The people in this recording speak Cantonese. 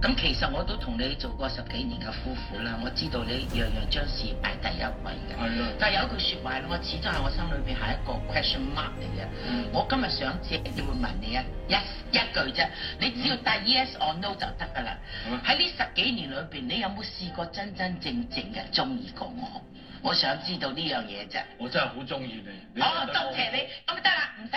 咁其實我都同你做過十幾年嘅夫婦啦，我知道你樣樣將事業擺第一位嘅。係啦。但係有句説話我始終係我心裏邊係一個 question mark 嚟嘅。嗯。我今日想只會問你一一一句啫，你只要答 yes or no 就得㗎啦。喺呢十幾年裏邊，你有冇試過真真正正嘅中意過我？我想知道呢樣嘢啫。我真係好中意你，你。好，多謝，謝你。咁得啦。